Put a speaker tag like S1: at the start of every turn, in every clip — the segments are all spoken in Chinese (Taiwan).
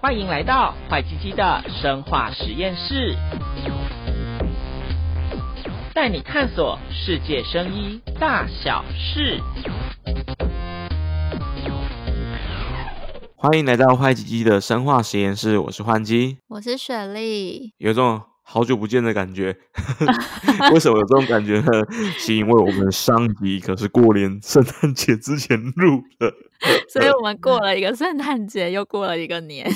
S1: 歡迎來到壞雞雞的生化實驗室，帶你探索世界生醫大小事。
S2: 歡迎來到壞雞雞的生化實驗室，我是煥基，
S1: 我是雪莉，
S2: 有種。好久不見的感覺， 為什麼有這種感覺呢？ 是因為我們上集可是過年、聖誕節之前錄的， 所以我
S1: 們過了一個聖誕節，又過了一個年。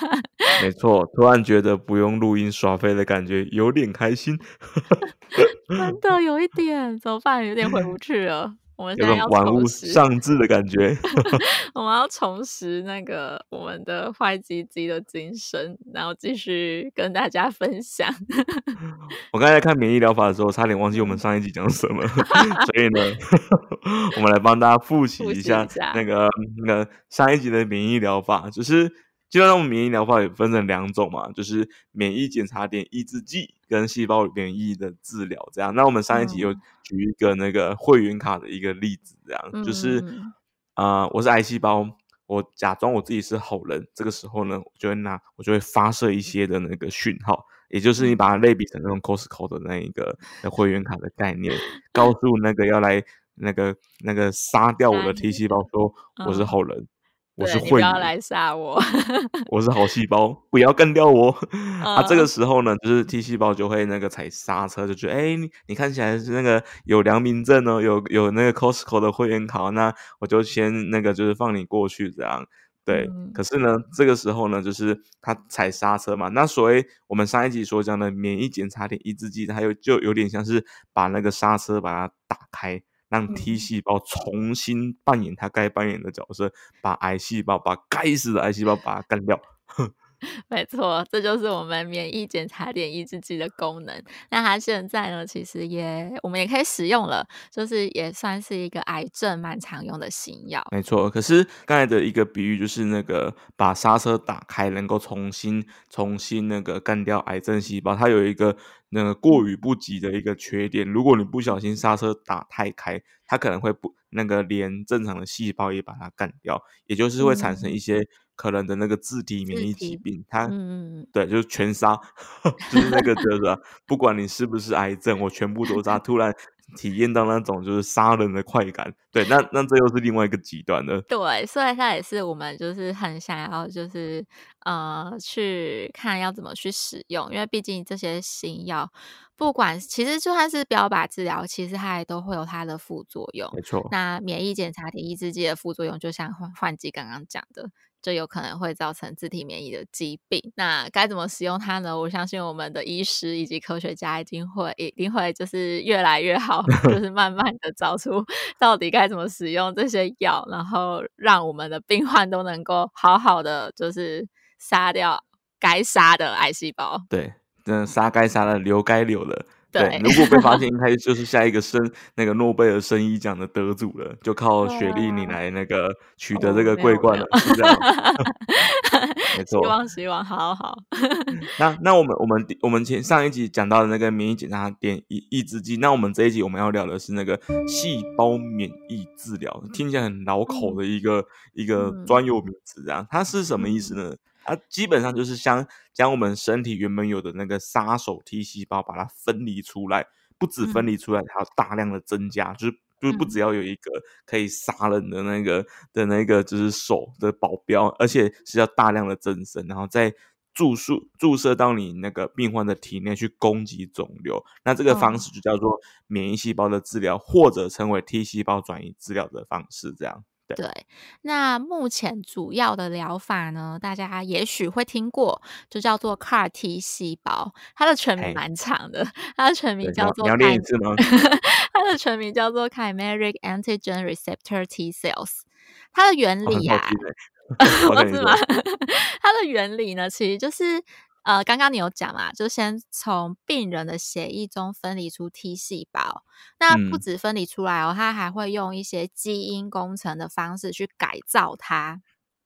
S2: 沒錯，突然覺得不用錄音耍廢的感覺有點開心，
S1: 真的有一點，怎麼辦？有點回不去了。 我們在有種玩物喪
S2: 志的感覺 ，
S1: 我們要重拾那個我們的壞雞雞的精神，然後繼續跟大家分享。
S2: 我剛才在看免疫療法的時候，差點忘記我們上一集講什麼， 所以呢， 我們來幫大家復習一下，一下那個那個上一集的免疫療法，就是。基本上，我們免疫療法也分成兩種嘛，就是免疫檢查點抑制劑跟細胞免疫的治療。這樣，那我們上一集又舉一個那個會員卡的一個例子，這樣、嗯、就是啊、呃，我是癌細胞，我假裝我自己是好人。這個時候呢，我就會拿我就會發射一些的那個訊號，也就是你把它類比成那種 Costco 的那一個那會員卡的概念，告訴那個要來那個那個殺掉我的 T 細胞，說我是好人。嗯嗯我是會員，對，你不要
S1: 來殺我，
S2: 我是好細胞，不要幹掉我 啊！這個時候呢，就是 T 細胞就會那個踩剎車，就覺得哎、欸，你看起來是那個有良民證哦，有有那個 Costco 的會員卡，那我就先那個就是放你過去這樣。對，嗯、可是呢，這個時候呢，就是它踩剎車嘛。那所謂我們上一集所講的免疫檢查點抑制劑，它有就有點像是把那個剎車把它打開。讓 T 細胞重新扮演它該扮演的角色，把癌細胞把，把該死的癌細胞，把它幹掉。
S1: 沒錯，這就是我們免疫檢查點抑制劑的功能。那它現在呢，其實也我們也可以使用了，就是也算是一個癌症蠻常用的新藥。
S2: 沒錯，可是剛才的一個比喻就是那個把剎車打開，能夠重新重新那個幹掉癌症細胞。它有一個那個過於不及的一個缺點，如果你不小心剎車打太開，它可能會不那個連正常的細胞也把它幹掉，也就是會產生一些、嗯。可能的那個自體免疫疾病，他、嗯，對，就是全殺， 就是那個這個，不管你是不是癌症， 我全部都殺。突然體驗到那種就是殺人的快感。對，那那這又是另外一個極端呢。
S1: 對，所以它也是我們就是很想要，就是呃，去看要怎麼去使用，因為畢竟這些新藥，不管其實就算是標靶治療，其實它也都會有它的副作用。沒錯。那免疫檢查點抑制劑的副作用，就像煥煥基剛剛講的，就有可能會造成自體免疫的疾病。那該怎麼使用它呢？我相信我們的醫師以及科學家一定會一定會就是越來越好， 就是慢慢的找出到底該。該怎麼使用這些藥，然後讓我們的病患都能夠好好的，就是殺掉該殺的癌細胞。
S2: 對，真的殺該殺的，留該留的。對，如果被發現，他就是下一個生 那個諾貝爾生醫獎的得主了，就靠雪莉你來那個取得這個桂冠了，是、啊、這樣。
S1: 哦、沒錯，沒 希望希望，好好。
S2: 那那我們我們我們前上一集講到的那個免疫檢查點抑抑制劑，那我們這一集我們要聊的是那個細胞免疫治療、嗯，聽起來很拗口的一個一個專有名詞啊、嗯，它是什麼意思呢？嗯它、啊、基本上就是像，將我們身體原本有的那個殺手 T 細胞，把它分離出來，不止分離出來，還有大量的增加，就、嗯、就是就不，不只要有一個可以殺人的那個、嗯、的那個就是手的保鏢，而且是要大量的增生，然後再注射注射到你那個病患的體內去攻擊腫瘤。那這個方式就叫做免疫細胞的治療，哦、或者稱為 T 細胞轉移治療的方式，這樣。
S1: 對,對，那目前主要的療法呢，大家也許會聽過，就叫做 CAR T 細胞，它的全名蠻長的，它的全名叫做，它的全名叫做 Chimeric Antigen Receptor T Cells，它的原理啊，什麼？ 你 它的原理呢，其實就是。呃，剛剛你有講啊，就先從病人的血液中分離出 T 細胞，那不止分離出來哦、嗯，他還會用一些基因工程的方式去改造它。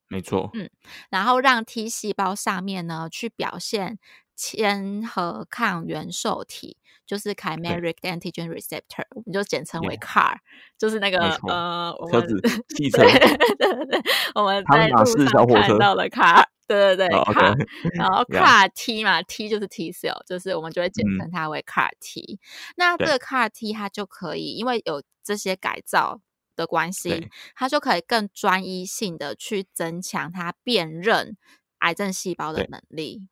S2: 沒錯，嗯，
S1: 然後讓 T 細胞上面呢去表現嵌合抗原受體，就是 Chimeric Antigen Receptor，我們就簡稱為 CAR，就是那個呃我們，車子汽車 對，對對對，我們在路上看到了 CAR。對對對、oh, okay. 然後 CAR-T 嘛，yeah，T 就是 T cell，就是我們就會簡稱它為 CAR-T，嗯。那這個 CAR-T 它就可以，因為有這些改造的關係，它就可以更專一性的去增強它辨認癌症細胞的能力。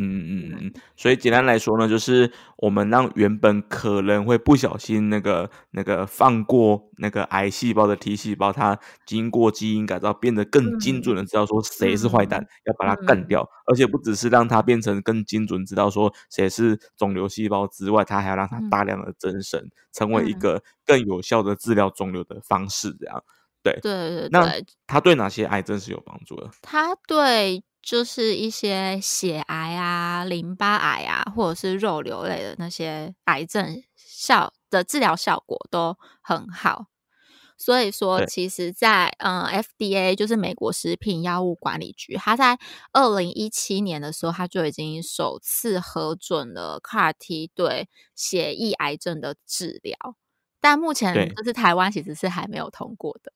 S2: 嗯嗯嗯，所以簡單來說呢，就是我們讓原本可能會不小心那個那個放過那個癌細胞的 T 細胞，它經過基因改造，變得更精準的，嗯，知道說誰是壞蛋，嗯，要把它幹掉，嗯。而且不只是讓它變成更精準的知道說誰是腫瘤細胞之外，它還要讓它大量的增生，成為一個更有效的治療腫瘤的方式。這樣，對
S1: 對對對，那
S2: 它對哪些癌症是有幫助的？
S1: 它對。就是一些血癌啊、淋巴癌啊，或者是肉瘤類的那些癌症效的治療效果都很好。所以說，其實在嗯，FDA 就是美國食品藥物管理局，它在二零一七年的時候，它就已經首次核准了 CAR-T 對血液癌症的治療。但目前，就是台灣其實是還沒有通過的。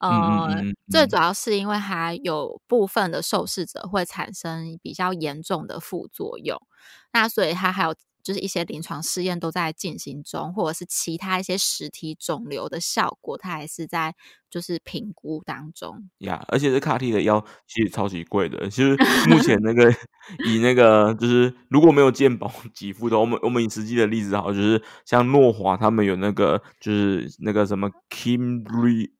S1: 呃嗯嗯嗯嗯，最主要是因為它有部分的受試者會產生比較嚴重的副作用，那所以它還有就是一些臨床試驗都在進行中，或者是其他一些實體腫瘤的效果，它還是在就是評估當中。
S2: 呀、yeah，而且這卡 a 的藥其實超級貴的，其實目前那個 以那個就是如果沒有健保給付的，我們我們以實際的例子好，就是像諾華他們有那個就是那個什麼 Kimberley、嗯。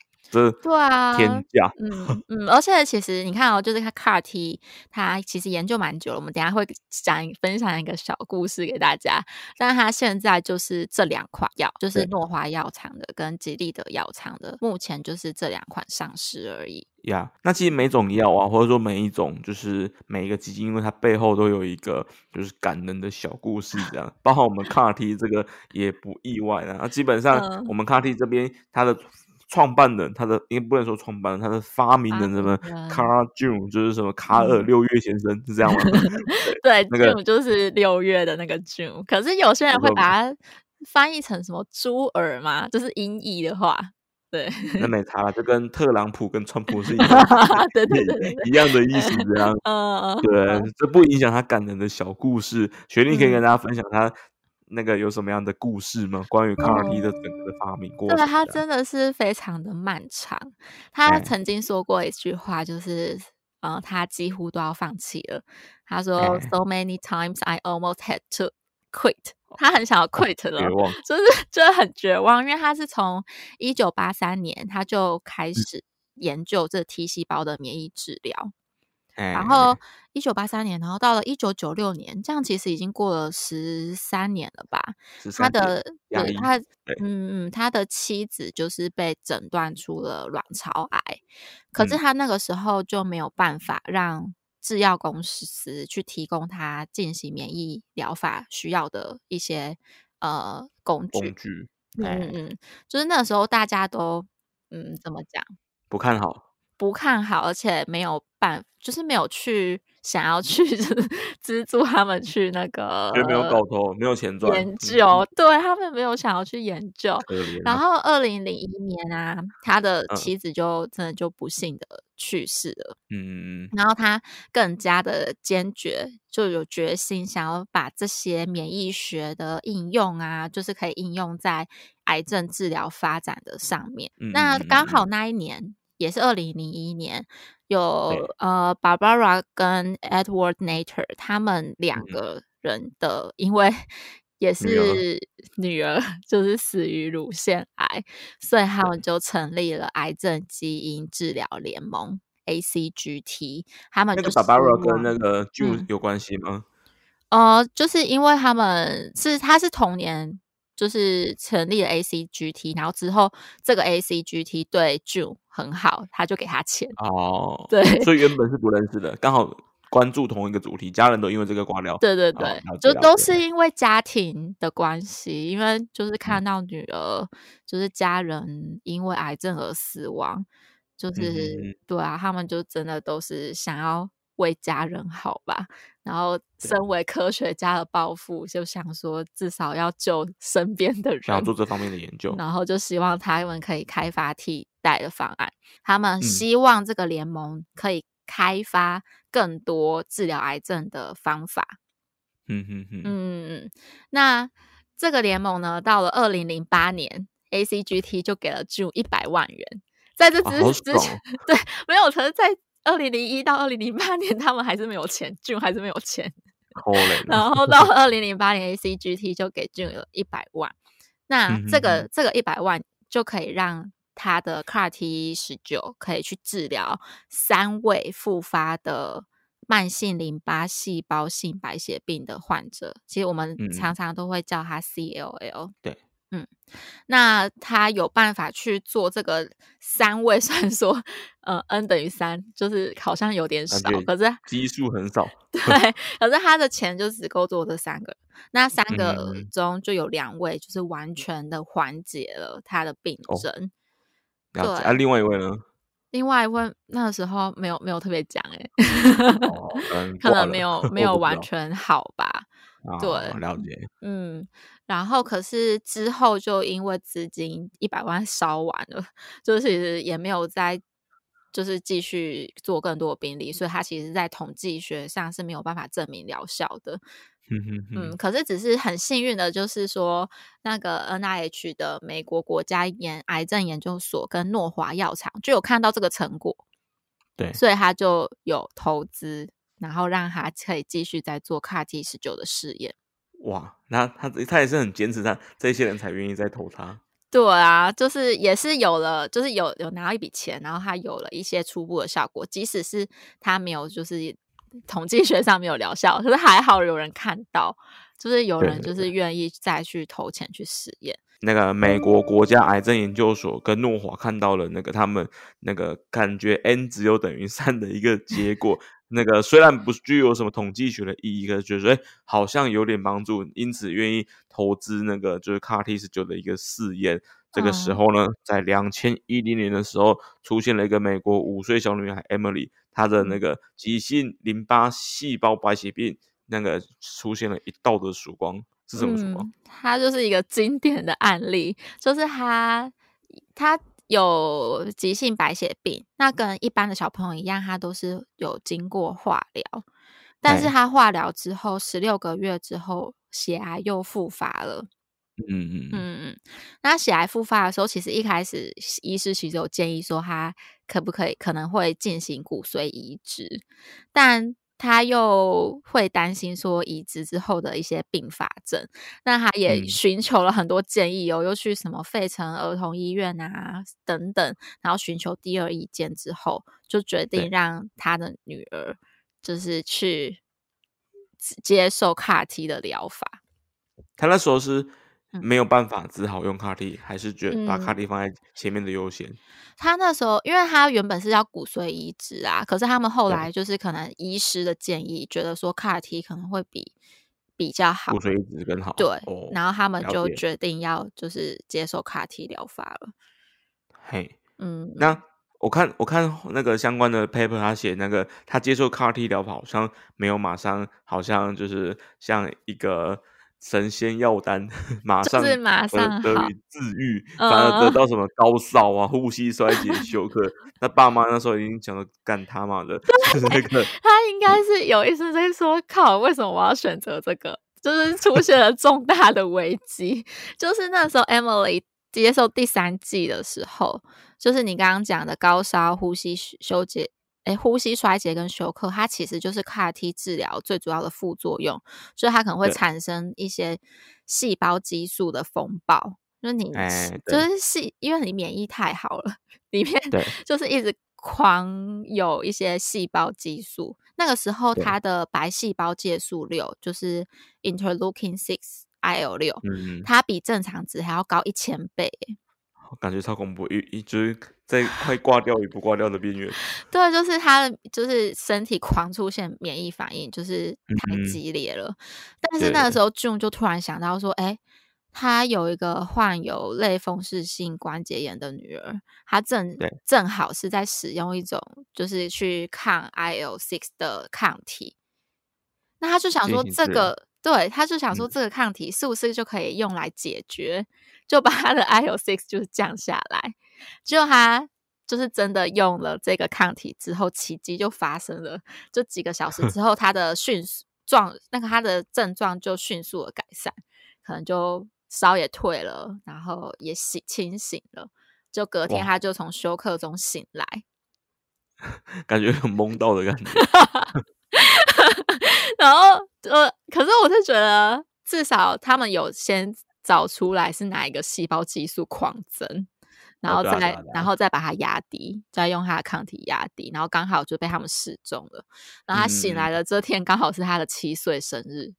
S2: 這對
S1: 啊，天、嗯、價。嗯嗯，而且其實你看哦，就是它 CAR-T，他其實研究蠻久了。我們等一下會講分享一個小故事給大家。但他現在就是這兩款藥，就是諾華藥廠的跟吉利德藥廠的，目前就是這兩款上市而已。
S2: 呀、yeah,，那其實每種藥啊，或者說每一種就是每一個基金，因為它背後都有一個就是感人的小故事這樣。 包括我們 CAR-T 這個也不意外啦、啊。那基本上我們 CAR-T 這邊它的。創辦人，他的應該不能說創辦人，他的發明人什麼 Carl June 就是什麼卡爾六月先生，嗯、是這樣嗎？嗯、對，
S1: 對，那個、June、就是六月的那個 June，可是有些人會把它翻譯成什麼豬耳嗎，嗯？就是音譯的話，對，那沒
S2: 差了，就跟特朗普跟川普是一樣
S1: 的， 一
S2: 樣的意思這樣。嗯，對，這不影響他感人的小故事，雪莉可以跟大家分享他。嗯那個有什麼樣的故事嗎？關於卡爾 r 的整個的發明過程、嗯？對了，他真
S1: 的是非常的漫長。他曾經說過一句話，哎、就是啊、嗯，他幾乎都要放棄了。他說、哎、，So many times I almost had to quit。他很想要 quit 了，哦、了就是真的很絕望。因為他是從一九八三年他就開始研究這 T 細胞的免疫治療。嗯然後一九八三年，然後到了一九九六年，這樣其實已經過了十三年了吧？13年，
S2: 他的，對，他，
S1: 嗯嗯，他的妻子就是被診斷出了卵巢癌，可是他那個時候就沒有辦法讓製藥公司去提供他進行免疫療法需要的一些呃工具。工具，嗯嗯，就是那個時候大家都嗯怎麼講？
S2: 不看好。
S1: 不看好，而且沒有辦法，就是沒有去想要去資助 他們去那個，沒有搞頭、
S2: 呃，沒有錢賺。研
S1: 究 對他們沒有想要去研究。 然後二零零一年啊，他的妻子就、嗯、就真的就不幸的去世了。嗯，然後他更加的堅決，就有決心想要把這些免疫學的應用啊，就是可以應用在癌症治療發展的上面。嗯嗯嗯，那剛好那一年。也是二零零一年，有呃 Barbara 跟 Edward Netter 他們兩個人的，嗯、因為也是女兒，女兒，就是死於乳腺癌，所以他們就成立了癌症基因治療聯盟 （ACGT）。他們跟、就是那個、Barbara 跟那個 June
S2: 有關係嗎、嗯？
S1: 呃，就是因為他們是他是同年。就是成立了 ACGT，然後之後這個 ACGT 對 June 很好，他就給他錢。哦，
S2: 對，所以原本是不認識的，剛好關注同一個主題，家人都因為這個掛掉。對對對，就都
S1: 是因為家庭的關係，嗯、因為就是看到女兒，就是家人因為癌症而死亡，就是、嗯、對啊，他們就真的都是想要。為家人好吧，然後身為科學家的抱負，就想說至少要救身邊的人，想做
S2: 這方面的研究，然
S1: 後就希望他們可以開發替代的方案。他們希望這個聯盟可以開發更多治療癌症的方法。嗯嗯
S2: 嗯
S1: 嗯嗯。那這個聯盟呢，到了二零零八年，ACGT 就給了就一百萬元，在這之之前，啊、 對，沒有，但在。二零零一到二零零八年，他們還是沒有錢 June 還是沒有錢。 然後到二零零八年，ACGT 就給 June 100了一百萬。 那、嗯、這個這個一百萬就可以讓他的 CAR T 十九可以去治療三位復發的慢性淋巴細胞性白血病的患者。其實我們常常都會叫他 CLL。對。嗯，那他有辦法去做這個三位算說，呃，n 等於三，就是好像有點少，可是
S2: 基數很少，
S1: 對，可是他的錢就只夠做這三個，那三個中就有兩位、嗯嗯、就是完全的緩解了他的病症。哦，
S2: 對，啊，另外一位呢，
S1: 另外一位那個時候沒有沒有特別講、欸，誒、 哦嗯，可能沒有沒有完全好吧。啊、對，了解。嗯，然後可是之後就因為資金一百萬燒完了，就是其實也沒有再就是繼續做更多的病例，所以他其實，在統計學上是沒有辦法證明療效的。嗯
S2: 嗯。
S1: 可是只是很幸運的，就是說那個 N I H 的美國國家研癌症研究所跟諾華藥廠就有看到這個成果，
S2: 對，所
S1: 以他就有投資。然後讓他可以繼續再做 CAR-T 十九的試驗。
S2: 哇，那他他也是很堅持他，他這些人才願意再投他。
S1: 對啊，就是也是有了，就是有有拿到一筆錢，然後他有了一些初步的效果，即使是他沒有，就是統計學上沒有療效，可是還好有人看到，就是有人就是願意再去投錢去實驗。
S2: 那個美國國家癌症研究所跟諾華看到了那個他們那個感覺 n 只有等於三的一個結果。 那個雖然不具有什麼統計學的意義，嗯，可是覺得哎，好像有點幫助，因此願意投資那個就是 CAR T 19的一個試驗，嗯。這個時候呢，在兩千一零年的時候，出現了一個美國五歲小女孩 Emily，她的那個急性淋巴細胞白血病，嗯，那個出現了一道的曙光，是什麼曙光，
S1: 嗯。它就是一個經典的案例，就是她她。它有急性白血病，那跟一般的小朋友一樣，他都是有經過化療，但是他化療之後，十六個月之後，血癌又復發
S2: 了。
S1: 嗯嗯嗯嗯，那血癌復發的時候，其實一開始醫師其實有建議說他可不可以可能會進行骨髓移植，但。他又會擔心說移植之後的一些併發症，那他也尋求了很多建議、哦、又、嗯、又去什麼費城兒童醫院啊等等，然後尋求第二意見之後，就決定讓他的女兒就是去接受 CAR-T 的療法。
S2: 他那時候是。沒有辦法，只好用 CAR-T，還是覺得把 CAR-T 放在前面的優先、嗯。
S1: 他那時候，因為他原本是要骨髓移植啊，可是他們後來就是可能醫師的建議，嗯、覺得說 CAR-T 可能會比比較好。骨
S2: 髓移植更好。對，哦、然後他們就決
S1: 定要就是接受 CAR-T 療法了，了解。嘿，嗯，那
S2: 我看我看那個相關的 paper，他寫那個他接受 CAR-T 療法，好像沒有馬上，好像就是像一個。神仙藥丹，馬上得得以治癒，就是，反而得到什麼高燒啊、嗯、呼吸衰竭、休克。他 爸媽那時候已經講了，幹他媽的、 那個！
S1: 他應該是有一次在說， 靠，為什麼我要選擇這個？就是出現了重大的危機， 就是那時候 Emily 接受第三季的時候，就是你剛剛講的高燒、呼吸衰竭、休克。誒，呼吸衰竭跟休克，它其實就是 CAR-T 治療最主要的副作用，所以它可能會產生一些細胞激素的風暴。就是你、哎，就是細，因為你免疫太好了，裡面就是一直狂有一些細胞激素。那個時候，它的白細胞介素六，就是 Interleukin Six（IL 六、嗯），它比正常值還要高一千倍。
S2: 我感覺超恐怖，一一直在快掛掉與不掛掉的邊緣。
S1: 對，就是他的就是身體狂出現免疫反應，就是太激烈了。嗯，
S2: 但是那個時候
S1: ，June 就突然想到說，誒，他有一個患有類風濕性關節炎的女兒，她正正好是在使用一種就是去抗 IL-6 的抗體。那他就想說，這個。對，他就想說，這個抗體是不是就可以用來解決，嗯、就把他的 IL-6 就降下來。就他就是真的用了這個抗體之後，奇蹟就發生了。就幾個小時之後，他的迅速狀， 那個他的症狀就迅速的改善，可能就燒也退了，然後也醒清醒了。就隔天他就從休克中醒來，
S2: 感覺有懵到的感覺。
S1: 然後呃，可是我是覺得，至少他們有先找出來是哪一個細胞激素狂增，然後再、哦對啊對啊、然後再把它壓低，再用它的抗體壓低，然後剛好就被他們試中了。然後他醒來的這天，剛好是他的七歲生日。嗯嗯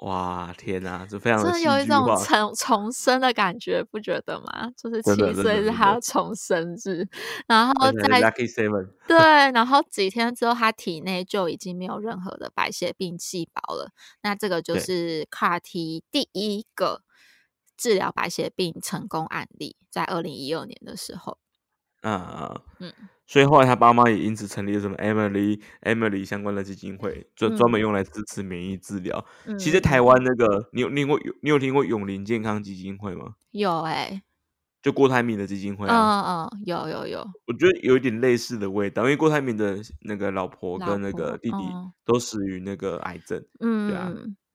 S2: 哇，天吶、啊，這非常的真的有一種重
S1: 重生的感覺，不覺得嗎？就是七歲是他的重生日，然後在 okay, seven. 對，然後幾天之後，他體內就已經沒有任何的白血病細胞了。 那這個就是 CAR-T 第一個治療白血病成功案例，在二零一二年的時候。
S2: 啊啊，嗯，所以後來他爸媽也因此成立了什麼 Emily Emily 相關的基金會，專專門用來支持免疫治療、嗯。其實台灣那個，你有聽過你，你有聽過永齡健康基金會嗎？
S1: 有哎、
S2: 欸，就郭台銘的基金會啊
S1: 啊、嗯嗯嗯嗯，有有有，
S2: 我覺得有一點類似的味道，因為郭台銘的那個老婆跟那個弟弟都死於那個癌症，嗯，
S1: 對啊。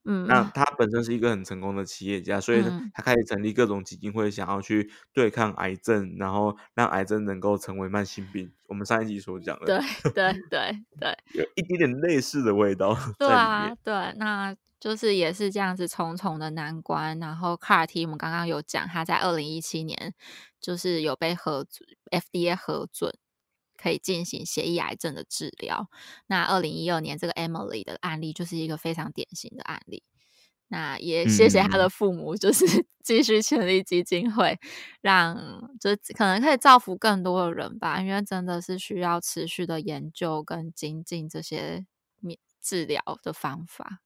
S1: 嗯，那
S2: 他本身是一個很成功的企業家，所以呢，他開始成立各種基金會，想要去對抗癌症，然後讓癌症能夠成為慢性病。我們上一集所講的，對
S1: 對對對，
S2: 有一點點類似的味道在
S1: 裡面。對啊，對，那就是也是這樣子重重的難關。然後 CAR-T，我們剛剛有講，他在二零一七年就是有被核准 FDA 核准。可以進行血液癌症的治療。那二零一二年這個 Emily 的案例就是一個非常典型的案例。那也謝謝他的父母，就是繼續成立基金會，讓就可能可以造福更多的人吧。因為真的是需要持續的研究跟精進這些治療的方法。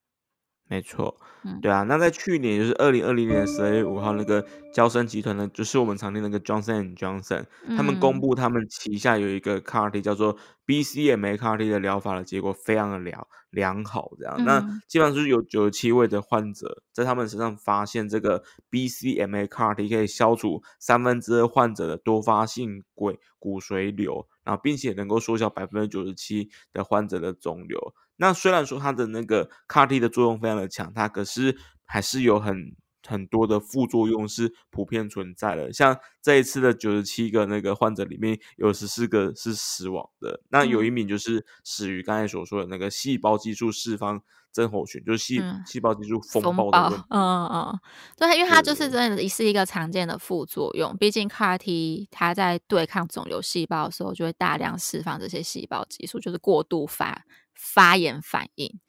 S2: 沒錯、嗯，對啊，那在去年，就是二零二零年十二月五號，那個嬌生集團呢，就是我們常聽那個 Johnson & Johnson、嗯、
S1: 他們公布
S2: 他們旗下有一個 CAR T 叫做 BCMA CAR T 的療法的結果非常的良良好，這樣、嗯，那基本上就是有九十七位的患者在他們身上發現這個 BCMA CAR T 可以消除三分之二患者的多發性骨骨髓瘤，然後並且能夠縮小百分之九十七的患者的腫瘤。那雖然說它的那個 CAR-T 的作用非常的強大，可是還是有很很多的副作用是普遍存在的。像這一次的九十七個那個患者裡面，有十四個是死亡的。那有一名就是死於剛才所說的那個細胞激素釋放症候群，就是細細胞激素風、嗯、風暴。嗯嗯，嗯，
S1: 對，因為它就是真的也是一個常見的副作用。畢竟 CAR-T 它在對抗腫瘤細胞的時候，就會大量釋放這些細胞激素，就是過度發發炎反應，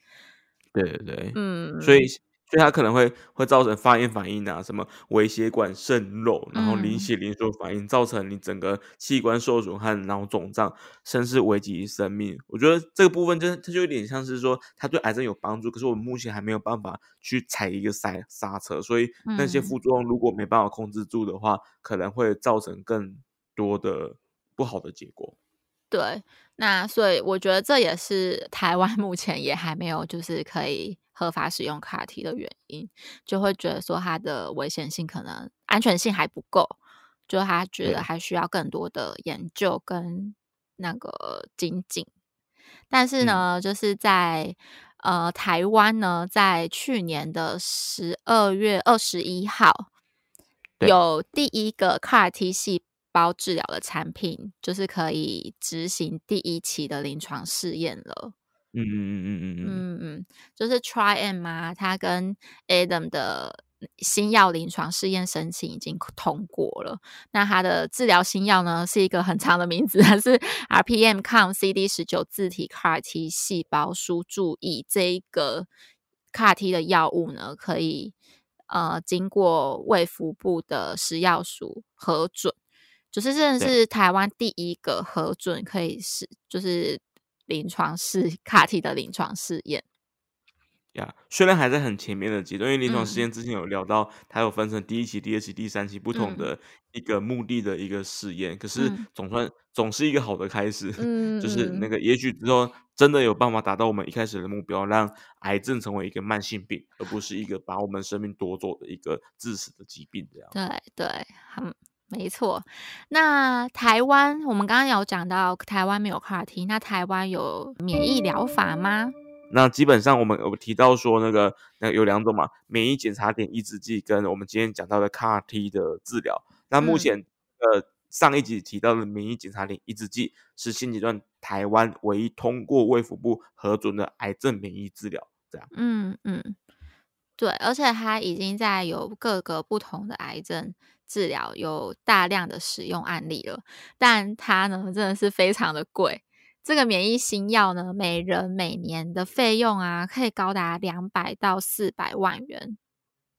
S2: 對對對，嗯，所以所以它可能會會造成發炎反應啊，什麼微血管滲漏，然後凝血凝縮反應、嗯，造成你整個器官受損然後腫脹，甚至危及生命。我覺得這個部分就，就是它就有點像是說，它對癌症有幫助，可是我們目前還沒有辦法去踩一個剎剎車，所以那些副作用如果沒辦法控制住的話，嗯、可能會造成更多的不好的結果。
S1: 對，那所以我覺得這也是台灣目前也還沒有就是可以合法使用 CAR-T 的原因，就會覺得說它的危險性可能安全性還不夠，就他覺得還需要更多的研究跟那個精進。但是呢，嗯、就是在呃台灣呢，在去年的十二月二十一號，有第一個 CAR-T 系包治療的產品就是可以執行第一期的臨床試驗了。
S2: 嗯嗯嗯嗯
S1: 嗯嗯嗯，就是 Trym 啊，它跟 Adam 的新藥臨床試驗申請已經通過了。那它的治療新藥呢，是一個很長的名字，它是 RPM 抗 CD 十九自體 CAR T 細胞輸注。以這一個 CAR T 的藥物呢，可以呃經過衛福部的食藥署核准。就是，這是台灣第一個核准可以試，就是臨床試卡 a 的臨床試驗。
S2: 呀、yeah，雖然還在很前面的階段，因為臨床試驗之前有聊到，它有分成第一期、第二期、第三期不同的一個目的的一個試驗、嗯。可是，總算、嗯、總是一個好的開始。嗯， 就是那個，也許說真的有辦法達到我們一開始的目標，讓癌症成為一個慢性病，而不是一個把我們生命奪走的一個致死的疾病這樣。
S1: 對對，好、嗯。沒錯，那台灣我們剛剛有講到台灣沒有卡 a r T，那台灣有免疫療法嗎？
S2: 那基本上我們有提到說那個那個，有兩種嘛，免疫檢查點抑制劑跟我們今天講到的卡 a 提 T 的治療。那目前，嗯、呃上一集提到的免疫檢查點抑制劑是現階段台灣唯一通過衛福部核准的癌症免疫治療，這樣。嗯嗯，
S1: 對，而且它已經在有各個不同的癌症。治療有大量的使用案例了，但它呢真的是非常的貴。這個免疫新藥呢，每人每年的費用啊，可以高達兩百到四百萬元，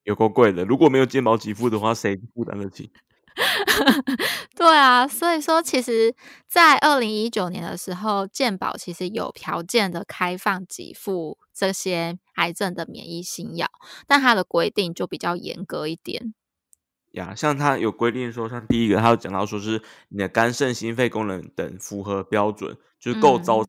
S2: 有夠貴的。如果沒有健保給付的話，誰負擔得起？
S1: 對啊，所以說其實在二零一九年的時候，健保其實有條件的開放給付這些癌症的免疫新藥，但它的規定就比較嚴格一點。
S2: 呀，像他有規定說，像第一個，他有講到說是你的肝腎心肺功能等符合標準，就是夠糟了、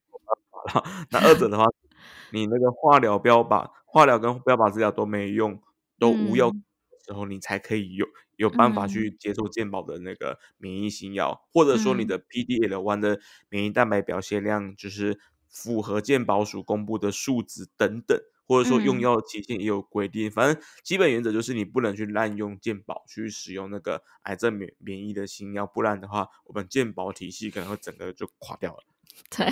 S2: 嗯。那二者的話， 你那個化療標靶、化療跟標靶治療都沒用，都無用的時候、嗯，你才可以有有辦法去接受健保的那個免疫新藥，嗯，或者說你的 PD-L1 的免疫蛋白表現量、嗯，就是符合健保署公布的數值等等。或者說用藥的期限也有規定、嗯，反正基本原則就是你不能去濫用健保去使用那個癌症免免疫的新藥，不然的話，我們健保體系可能會整個就垮掉了、
S1: 嗯。對，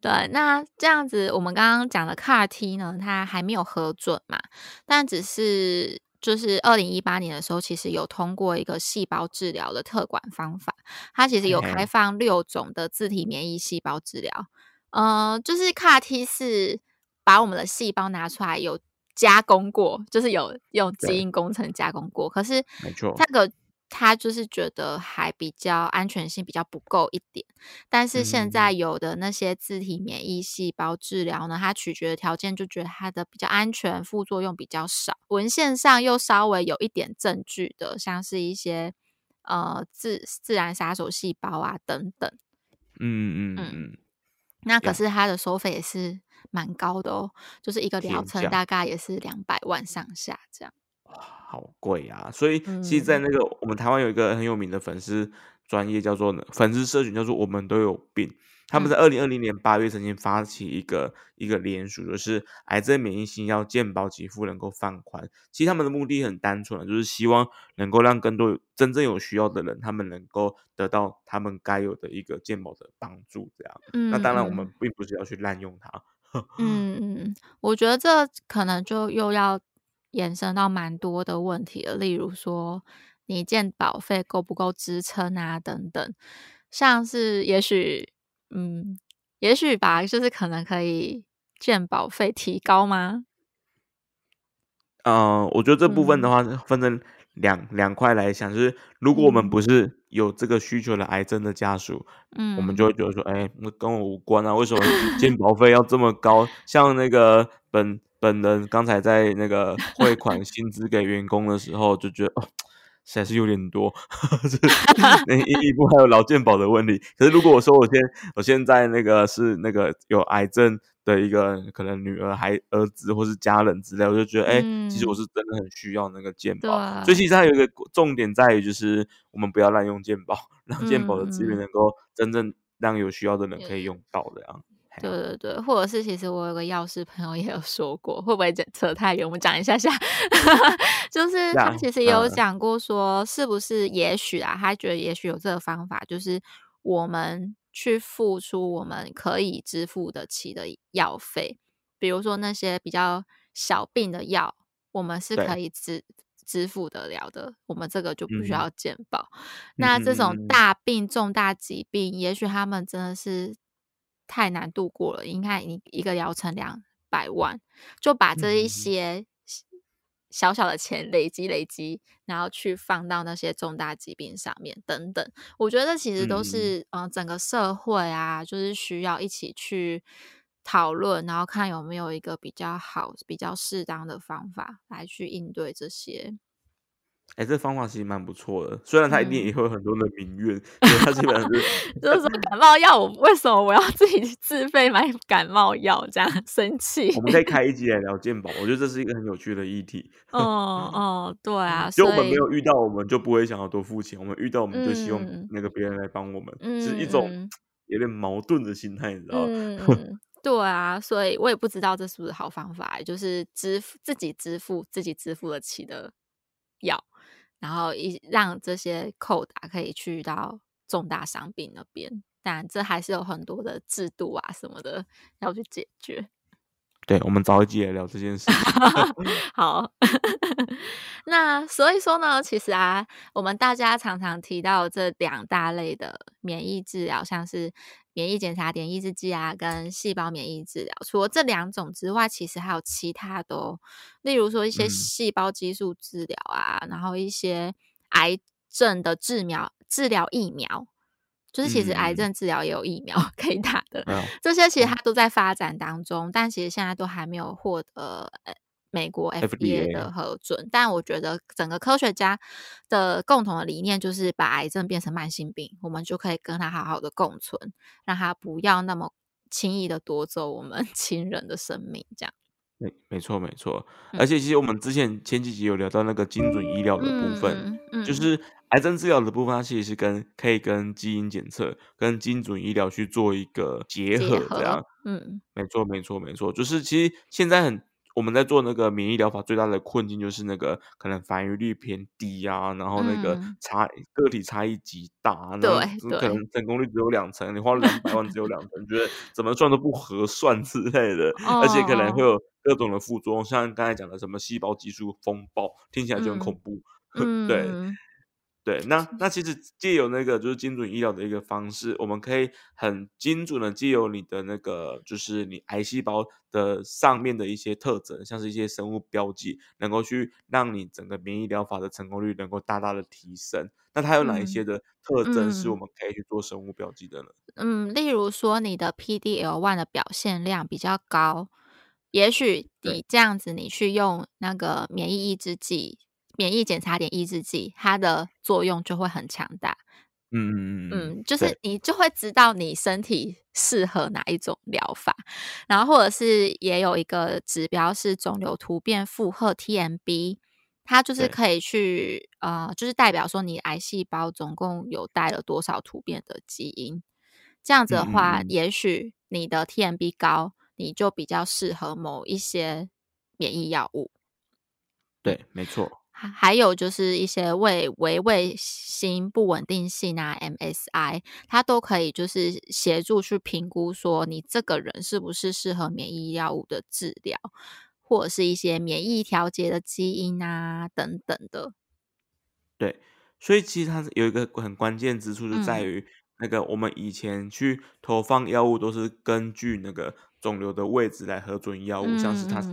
S1: 對，那這樣子，我們剛剛講的卡 a 呢，它還沒有核准嘛，但只是就是二零一八年的時候，其實有通過一個細胞治療的特管方法，它其實有開放六種的自體免疫細胞治療，嗯、呃，就是卡 a 是。把我們的細胞拿出來有加工過，就是有用基因工程加工過。可是、這個，沒錯，那個他就是覺得還比較安全性比較不夠一點。但是現在有的那些自體免疫細胞治療呢，它、嗯、取決的條件就覺得它的比較安全，副作用比較少。文獻上又稍微有一點證據的，像是一些呃自自然殺手細胞啊等等。嗯嗯嗯
S2: 嗯，那可是
S1: 它的收費也是，蠻高的哦，就是一個療程大概也是兩百萬上下這樣。
S2: 哇，好貴啊！所以，嗯、其實，在那個我們台灣有一個很有名的粉絲專業叫做呢粉絲社群，叫做“我們都有病”。他們在二零二零年八月曾經發起一個、嗯、一個連署，就是癌症免疫新藥健保給付能夠放寬。其實他們的目的很單純，就是希望能夠讓更多真正有需要的人，他們能夠得到他們該有的一個健保的幫助。這樣嗯嗯，那當然我們並不是要去濫用它。
S1: 嗯 嗯，我覺得這可能就又要延伸到蠻多的問題了，例如說你健保費夠不夠支撐啊，等等，像是也許，嗯，也許吧，就是可能可以健保費提高嗎？嗯、
S2: 呃，我覺得這部分的話、嗯、分成兩兩塊來想，就是如果我們不是、嗯。有這個需求的癌症的家屬，嗯，我們就會覺得說，哎、欸，那跟我無關啊，為什麼健保費要這麼高？ 像那個本本人剛才在那個匯款薪資給員工的時候，就覺得 哦，實在是有點多，哈哈，那 一,一步一還有勞健保的問題。可是如果我說我先，我現在那個是那個有癌症。的一個可能女兒、孩兒子或是家人之類，我就覺得哎、嗯欸，其實我是真的很需要那個健保。所以其實還有一個重點在於，就是我們不要濫用健保，讓健保的資源能夠真正讓有需要的人可以用到。這樣、嗯。
S1: 對對對，或者是其實我有個藥師朋友也有說過，會不會扯太遠？我們講一下下， 就是他其實有講過說，是不是也許啊？他覺得也許有這個方法，就是我們。去付出我們可以支付得起的藥費，比如說那些比較小病的藥，我們是可以支支付得了的。我們這個就不需要健保、嗯。
S2: 那這種大
S1: 病、重大疾病，嗯、也許他們真的是太難度過了。你看，你一個療程兩百萬，就把這一些。小小的錢累積累積，然後去放到那些重大疾病上面等等，我覺得這其實都是嗯，嗯整個社會啊，就是需要一起去討論，然後看有沒有一個比較好、比較適當的方法來去應對這些。
S2: 哎、欸，這方法其實蠻不錯的，雖然他一定也會有很多的民怨，嗯、他基本上是。就是，
S1: 就是說感冒藥，我為什麼我要自己自費買感冒藥？這樣生氣。我們再開
S2: 一集來聊健保，我覺得這是一個很有趣的議題。
S1: 哦哦，對啊。所以我們沒有
S2: 遇到，我們就不會想要多付錢；我們遇到，我們就希望、嗯、那個別人來幫我們、嗯。是一種有點矛盾的心態，你知道嗎？
S1: 嗯、 對啊，所以我也不知道這是不是好方法，就是支付自己支付自己支付得起的藥。然後一讓這些扣打，啊、可以去到重大傷病那邊，但這還是有很多的制度啊什麼的要去解決。
S2: 對，我們早一集來聊這件事。
S1: 好， 那所以說呢，其實啊，我們大家常常提到這兩大類的免疫治療，像是。免疫檢查點抑制劑啊，跟細胞免疫治療，除了這兩種之外，其實還有其他的、哦，例如說一些細胞激素治療啊、嗯，然後一些癌症的治療治療疫苗，就是其實癌症治療也有疫苗可以打的、嗯，這些其實它都在發展當中，嗯、但其實現在都還沒有獲得。美國 FDA 的核准，FDA。但我覺得整個科學家的共同的理念就是把癌症變成慢性病，我們就可以跟他好好的共存，讓他不要那麼輕易的奪走我們親人的生命。這樣，
S2: 對，沒錯，沒錯、嗯。而且其實我們之前前幾集有聊到那個精準醫療的部分、嗯嗯嗯，就是癌症治療的部分，它其實是跟可以跟基因檢測、跟精準醫療去做一個結合。這樣，嗯，沒錯，沒錯，沒錯。就是其實現在很。我們在做那個免疫療法最大的困境，就是那個可能反應率偏低啊，然後那個差、嗯、個體差異極大，對，可能成功率只有兩成，你花了兩百萬只有兩成， 覺得怎麼算都不合算之類的、哦，而且可能會有各種的副作用，像剛才講的什麼細胞激素風暴，聽起來就很恐怖，嗯、對。對，那那其實藉由那個就是精準醫療的一個方式，我們可以很精準的藉由你的那個就是你癌細胞的上面的一些特徵，像是一些生物標記，能夠去讓你整個免疫療法的成功率能夠大大的提升。那它有哪一些的特徵是我們可以去做生物標記的呢？嗯，
S1: 嗯，例如說你的 PD-L1 的表現量比較高，也許你這樣子你去用那個免疫抑制劑。那個免疫檢查點抑制劑，它的作用就會很強大。嗯
S2: 嗯嗯，就是你
S1: 就會知道你身體適合哪一種療法，然後或者是也有一個指標是腫瘤突變負荷 TMB，它就是可以去、呃、就是代表說你癌細胞總共有帶了多少突變的基因。這樣子的話，嗯嗯，也許你的 TMB 高，你就比較適合某一些免疫藥物。
S2: 對，沒錯。
S1: 還有就是一些胃，微衛星不穩定性啊，MSI，它都可以就是協助去評估說你這個人是不是適合免疫藥物的治療，或者是一些免疫調節的基因啊等等的。
S2: 對，所以其實它有一個很關鍵之處就在於、嗯、那個我們以前去投放藥物都是根據那個腫瘤的位置來核准藥物，嗯、像是它是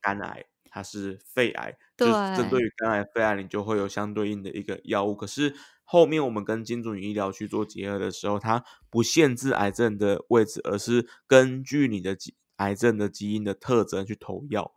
S2: 肝癌。它是肺癌，對，就是針對於肝癌、肺癌，你就會有相對應的一個藥物。可是後面我們跟精準醫療去做結合的時候，它不限制癌症的位置，而是根據你的癌症的基因的特徵去投藥。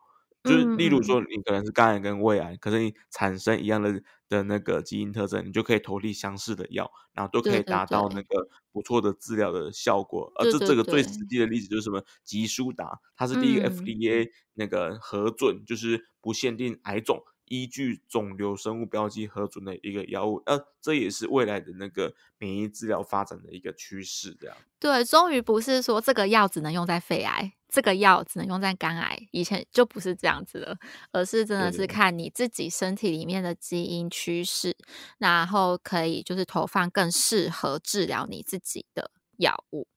S2: 就是，例如說，你可能是肝癌跟胃癌，嗯、可是你產生一樣的的那個基因特徵，你就可以投遞相似的藥，然後都可以達到那個不錯的治療的效果。而、呃、這這個最實際的例子就是什麼，吉舒達，它是第一個 FDA 那個核准，嗯、就是不限定癌種。依據腫瘤生物標記核准的一個藥物，呃、啊，這也是未來的那個免疫治療發展的一個趨勢，這樣。
S1: 對，終於不是說這個藥只能用在肺癌，這個藥只能用在肝癌，以前就不是這樣子的，而是真的是看你自己身體裡面的基因趨勢，然後可以就是投放更適合治療你自己的藥物。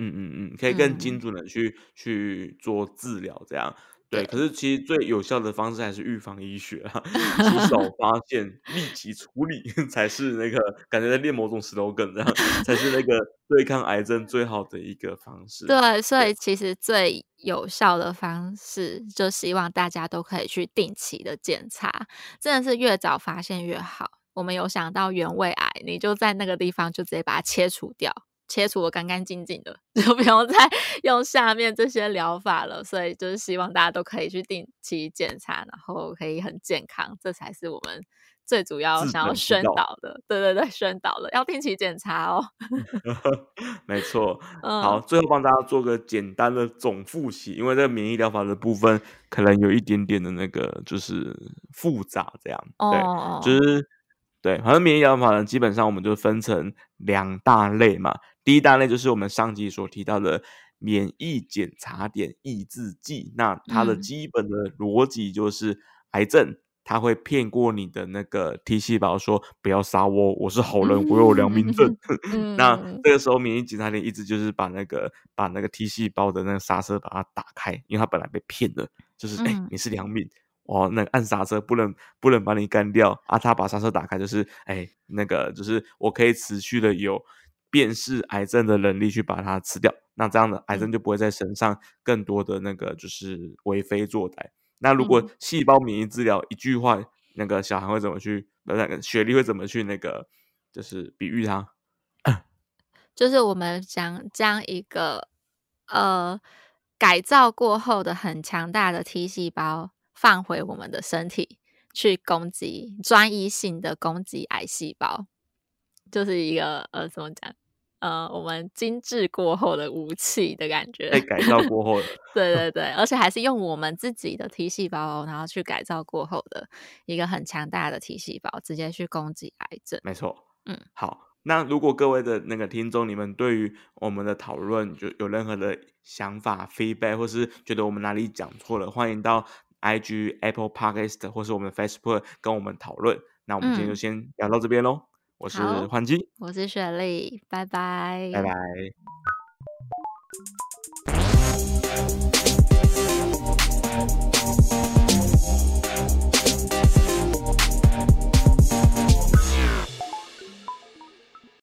S1: 嗯
S2: 嗯嗯，可以更精準的去、嗯、去做治療，這樣。對，對，可是其實最有效的方式還是預防醫學啊，及 早發現、立即處理 才是那個感覺在練某種 slogan 這樣， 才是那個對抗癌症最好的一個方式對。對，
S1: 所以其實最有效的方式，就希望大家都可以去定期的檢查，真的是越早發現越好。我們有想到原位癌，你就在那個地方就直接把它切除掉。切除的乾乾淨淨的，就不用再用下面這些療法了。所以就是希望大家都可以去定期檢查，然後可以很健康，這才是我們最主要想要宣導的。對對對，宣導的要定期檢查哦。
S2: 沒錯，好，最後幫大家做個簡單的總複習，因為這個免疫療法的部分可能有一點點的那個就是複雜這樣。哦，對就是對，反正免疫療法呢，基本上我們就分成兩大類嘛。第一大類就是我們上集所提到的免疫檢查點抑制劑，那它的基本的邏輯就是，癌症、嗯、它會騙過你的那個 T 細胞說不要殺我，我是好人，嗯、我有良民證。嗯嗯、 那這個時候免疫檢查點抑制就是把那個把那個 T 細胞的那個剎車把它打開，因為它本來被騙的，就是哎、欸、你是良民，哦，那按剎車不能不能把你幹掉啊，它把剎車打開，就是哎、欸、那個就是我可以持續的有。辨識癌症的能力，去把它吃掉，那這樣的癌症就不會在身上更多的那個就是為非作歹。那如果細胞免疫治療一句話、嗯，那個小煥會怎麼去？那個雪莉會怎麼去？那個就是比喻它 ，
S1: 就是我們想將一個呃改造過後的很強大的 T 細胞放回我們的身體去攻擊，專一性的攻擊癌細胞。就是一個呃，怎麼講？呃，我們精致過後的武器的感覺，被改造過後的。 對對對，而且還是用我們自己的 T 細胞，然後去改造過後的一個很強大的 T 細胞，直接去攻擊癌症。沒錯，嗯，
S2: 好，那如果各位的那個聽眾，你們對於我們的討論就有任何的想法、feedback，或是覺得我們哪裡講錯了，歡迎到 IG、Apple Podcast 或是我們 Facebook 跟我們討論。那我們今天就先聊到這邊嘍。嗯我是煥基，
S1: 我是雪莉，拜拜，拜拜。